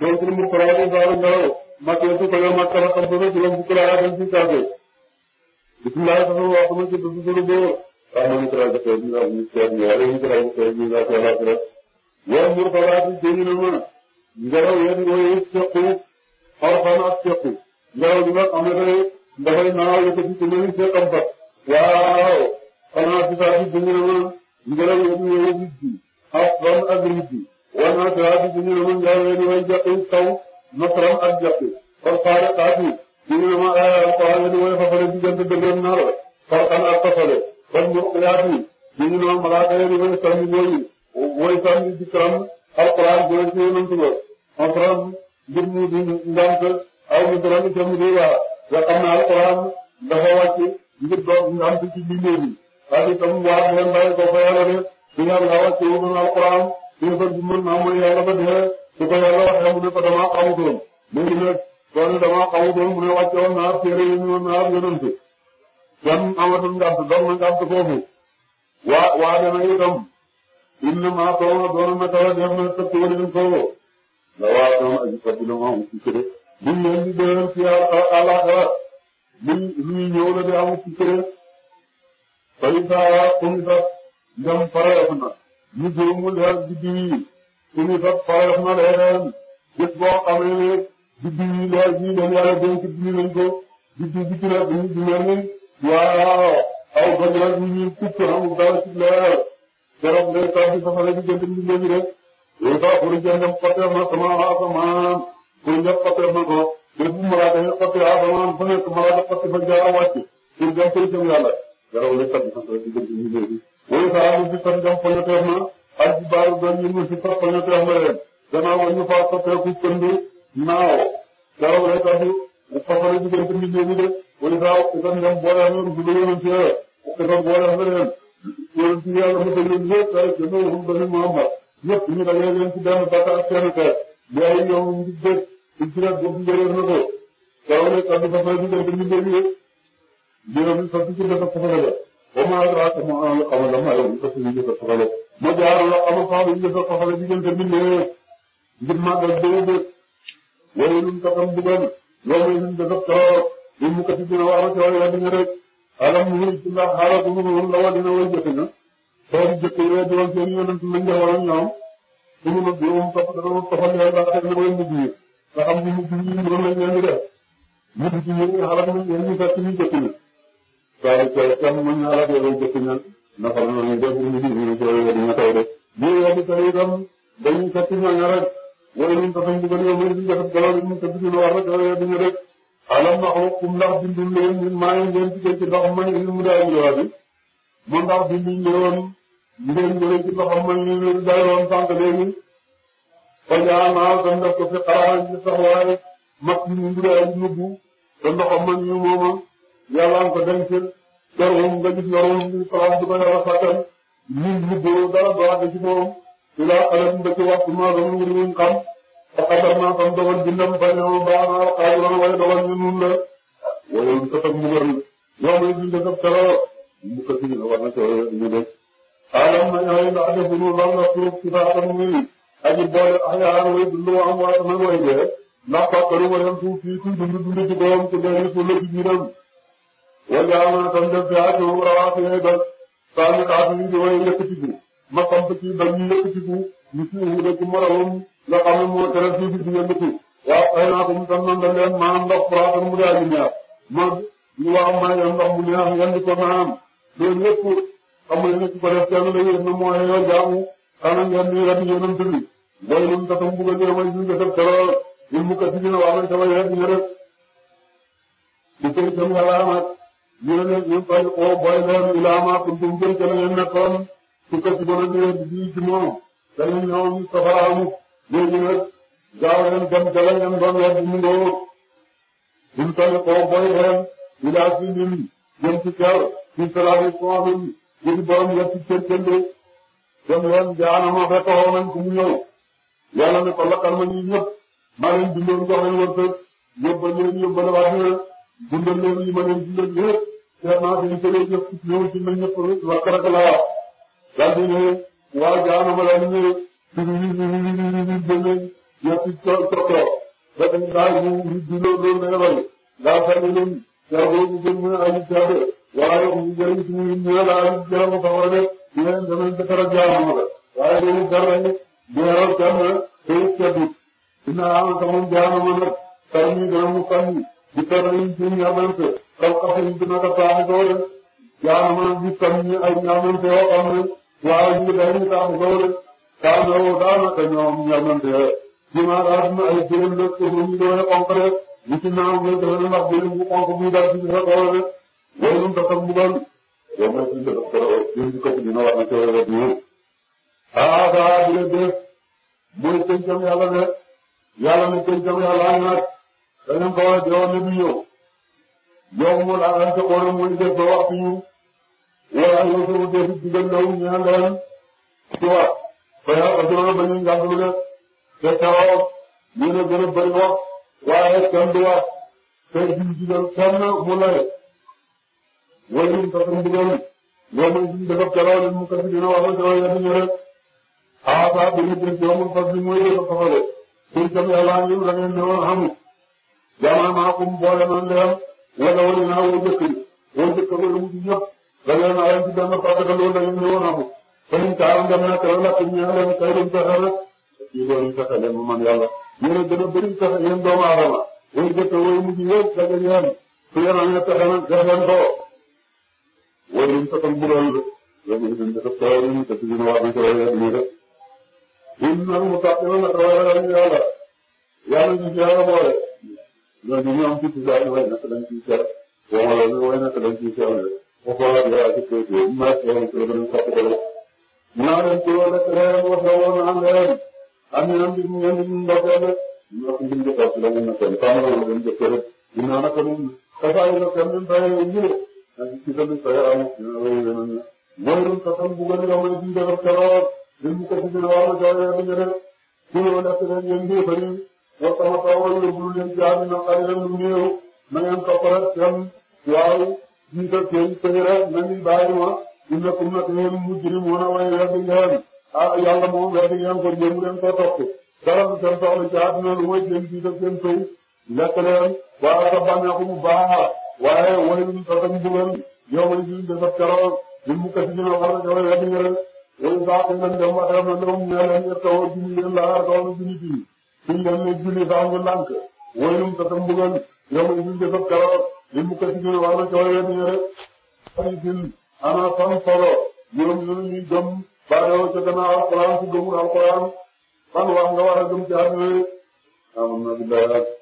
donc lu mu xuraale baalu ngelaw màcc na si kawéer màcc na xam ba nga jëloon si kuraale ak si kàddee bisimilah dafa wax dama jënd si suñu boobu. waaw man itam dafa ñu am ñu seet ñu wala ñu gën a seet ñu laajte laajte rek. waaw mu xalaat jënd na ma ngelaw yéen mooy jàppe taw nasaram ak jàppe kon faare xaatu dina ma alquran la di woy fafale diggante dëggoon naar farxan ak fafale kon mu yaatu dina ma malaaka yi di woy sànni mooyu woy sànni dikram alquran jële ci yonent ba nasaram mbir mu di ngant aw mu dara ni tamit di waa nga xam ne alquran dafa wàcc ngir doon ngant ci bindee bi waaye itam waa ngeen bàyyi ko fa yàlla de dina la wàcc wu alquran dina fa mën naa mooy yàlla ba dee su ko yàlla waxee mu ne ko damaa xamutoon mu ngi ne kon damaa xamutoon mu ne wàcce woon naa téere yi ñu woon naa yonent kon amatul ngant doon na ngant inna maa tooma doon na tawa def na tëkk wala ñu foofu la waa tooma aji faddu la maa wuti këré buñ leen di dëral ci àllaaxira buñ luy ñëw la di amu ci këré fay saa waa comme sax ndam di diwi suñu fab fayas na leeral gis boo xamee ne biddi yi leer bii dañu yàlla dénk biddi nañ ko biddi bi ci la bu ñu mel ni waaw aw bëgg la bu ñuy tukk amul dara ci leer keroog day tax di safara bi jënd ñu léegi rek yow sax pour jëndam xotteef na sama asamaan pour njëkk xotteef na ko lépp malaaka yi xotti asamaan fu nekk malaaka xotti fa jaar wàcc pour dem koy jëm yàlla keroog day tax di safara bi jënd ñu léegi yow sax amul di tam jëm fa bindu ci soppana te am leen gannaaw ba ñu faa soppeeku pënd naaw dara lay tax soppana diggante nit ñi de wala daaw itam ñoom boole am leen suba yonent ci yàlla itam boole am leen yonent ci yàlla mu tëj leen ñëpp ay jëmee waxum bani Muhammad ñëpp ñu dajee leen ci benn bàtt ak kenn kër bi ay yow ñu dégg ci la boobu njëriñ na ko daaw lay tax soppana diggante nit ñi de yonent sax ci dafa soppana la ba maa dara ak mu am xamal la maa yow ma jaarale amul faaw yi jëfee ko xale diggante bi ñëwee ngir màggal béy béy wala ñun dafa am dugal wala ñun dafa toog ñun mu kat dina wax rek wala dina rek alam mu ngi ci ndax xaaral ko mu ngi woon la wala dina woon jëfe na. soo jëfe yooyu di woon seen yonent lañ def wala ñoom suñu nag yow mu topp dana ko fan yàlla daal dina koy mujj yi nga xam ni mujj yi noonu lañ leen di def mujj ci yéen xaaral ñu yéen ñu fekk ñu jëfe na. waaye tey kenn mën naa la delloo jëfe na. naka la ñu def ñu ngi ñu koy wér ñu koy def ñu ngi wàllu kër yi tam dañuy fekk ñooñu rek wala ñun dafa ñu bëgg yow mooy li ñu def galaw li ñu ko dugg lu war rek wala du ñu rek alam na ko kum ndax bindul leen ñun maa ngi leen ci ci ndox man ñu mu daay ñu waati mu ndax bindul leen ngeen jëlee ci ndox man ñu leen daloon sànq léegi ba jaanaa tam def ko fi xalaat ci sax waaye mag ñu mu daay nubbu te ndox man ñu mooma yàlla ko denc yor moom nga gis yor moom di faram di ko yor fàttal ñun ñu góor dara doxante ci moom ilaa alam ba ci waxtu maa doon lu wuñ xam te xatar naa xam dogal bindam ba ne ma baax naa xaajuroon waaye dogal ñu nun la wala lu ko toog mu gën yow mi bind sa tero mu ko signe war na ko ñu def alam na ñooy ndax def lu law na suuf si faatam muy aji boole axyaan way dund wa am waata man way dee ndax fàttalu ma dem suuf fii kuy dund dund ci borom ci benn suuf la ci biiram wajaawoon tam def jaatu rawaati ay dal saami xaatu ñu di way yëkkatiku ma xam te ci dal ñu yëkkatiku ñu la xam moo tere fii ci diggante ci waaw xëy naa ko mu da leen maanaam mu daal di neex ma ñu may leen mu neex ngeen di ko naan loolu lépp ko def kenn la yéen na mooy jaamu xanaa ngeen di yéen yéenam tëbi mooy lu mu tatam bugg a may ñu mu kat ci dina waa nañ sama yéen ñu rek di tëj ñu ne ñu fay oo booy leen ilaamaa kuntum jëm ca la ngeen nekkoon su ko ci a moom dañuy ñëw ñu safara amut léegi nag gaaw leen dem ca la ngeen doon wedd ilaa si lim jëm ci kaw ci salaabi soomin jëm borom yëpp ci cër cënd dem leen jaanama fekk xoo nañ ko mu ñëw yàlla ne ko lakkal ma ñuy ñëpp dundal leen li ma leen dundal yëpp vraiment dañu koy jëf ñëw dundal ñëpp wax dëgg la waaw. daal di ne waaw jaana ma daal di ñëw ci biir biir biir biir di dundal loolu da nga bëri daal fay na leen jàpp bu gën ñu ne Aliou Diaté waaye ñu jëriñ ci ñu ne la Aliou Diaté ba xamal ne ñu ne danañ defar ak jaana di toll nii suñu ñaamante kaw kaw yi dina ko tax a góor yaa ngi mën a gis comme ni ay ñaamante yoo xam ne waaye ñu dañuy tax a góor daa ñëw daanaka ñoom ñaamante ñu naan daal di ne ay jërëm la te ñu doon xonq rek ñu ci naaw nga jërëm ndax jërëm bu xonq bi daal di sa góor rek loolu itam dafa mbugal. yow mooy suñu def ko jërëm ci kooku dina war a teew rek ñu. ah daa di leen def mooy pencam yàlla ne yàlla ne pencam yàlla am nag. danañ ko war a jëloon ne du ñëw ñoom mu la am te xoolal muy def ba waxtu ñu wala yow suñu def digal ndaw ñu naan leen suba ba yàlla ba suba ba ñuy njàng lu def te taw ñu ne gën a bëri wax waaye kenn du wax te duñ digal kenn mu lay wala ñu fekk mu digal ñoom ñu ngi def ak keroog ñu mu kat dina wax ak keroog yàlla ñu rek ah ça va ñu gën ñoom mu fas ñu muy def ak xamal suñ tam yàlla ñu da ngeen ne woon xamul. jaama maakum boole na leen wala wala naa woo njëkk yi woo njëkk ba mu ji ñëpp da leen ayoon ci benn côté que loolu dañu ñëwoon amul. sëriñ Talla dem na kër la ñu ñëw leen kay dañu fexe rek ñu doon ñu fexe leen mu man yàlla yéen a gën a bëri fexe yéen doomu aadama woo njëkk woo mujj yëpp da ngeen yem su yéen amee fexe nag def leen ko woo liñ fexe bu doon rek yéen a ngi def tawar yi te suñu wax bi tawar yi ñu def. ñun nag mu tax ñu ne la tawar yi yàlla yàlla ñu ci yàlla boole. ñooñu ñoom ci Tidjane ñu wéy naka lañ ciy seet bon loolu ñu wéy naka lañ ciy seetlu foofu la ñu yaay ci kër gi mu nekk loolu ci la gën a sopp ko la. naa leen ci loolu rek réew mi waxee woon na am réew am na am nañu ñoom ñu ndokkee rek ñu wax ñu njëkk a ci la ñu nekkoon comme loolu lañ jëkk rek dinaa naka moom xasaayu nag kenn duñ bàyyi wu ñu ak ci tamit sa yaram dina wéy leneen la. loolu sa tam bu gën a may dundal ak sa lool dañ ko ci gën a war a jaay rek ñu ne ci loolu nekk nañ leen mbir bëri wa sama taw ba yóbbu leen ci àdduna xalilan lu néew na ngeen topp rek seen waaw jiital seen sëyra na ñuy bàyyi ma innakum nag ngeen mujrimuuna way weddi ngeen ah yàlla moom weddi ngeen ko jéem leen ko topp dara du seen soxla ci àdduna lu mooy seen jiital seen sëy lekk leen waaw sa bànneexu bu baax waaye way lu sa tam bugal yow ma jiw de sa keroog li mu kati dina wax rek way weddi ngeen way sax ngeen dem waxee na ñoom ñee leen yëpp taw bi ñu leen laa doon bi ñu suñ leen ne julli baax ñu lànk wóyum te tam bëggoon yow ibil jëfëf keroog li mu ko si biir wax na coono yéen ñu rek. ay ibil ana fan solo ñoom ñun ñuy gëm baadoo ca gannaaw alxuraan su gëmul alxuraan fan wax nga war a gëm ci àdduna yi. am na billahi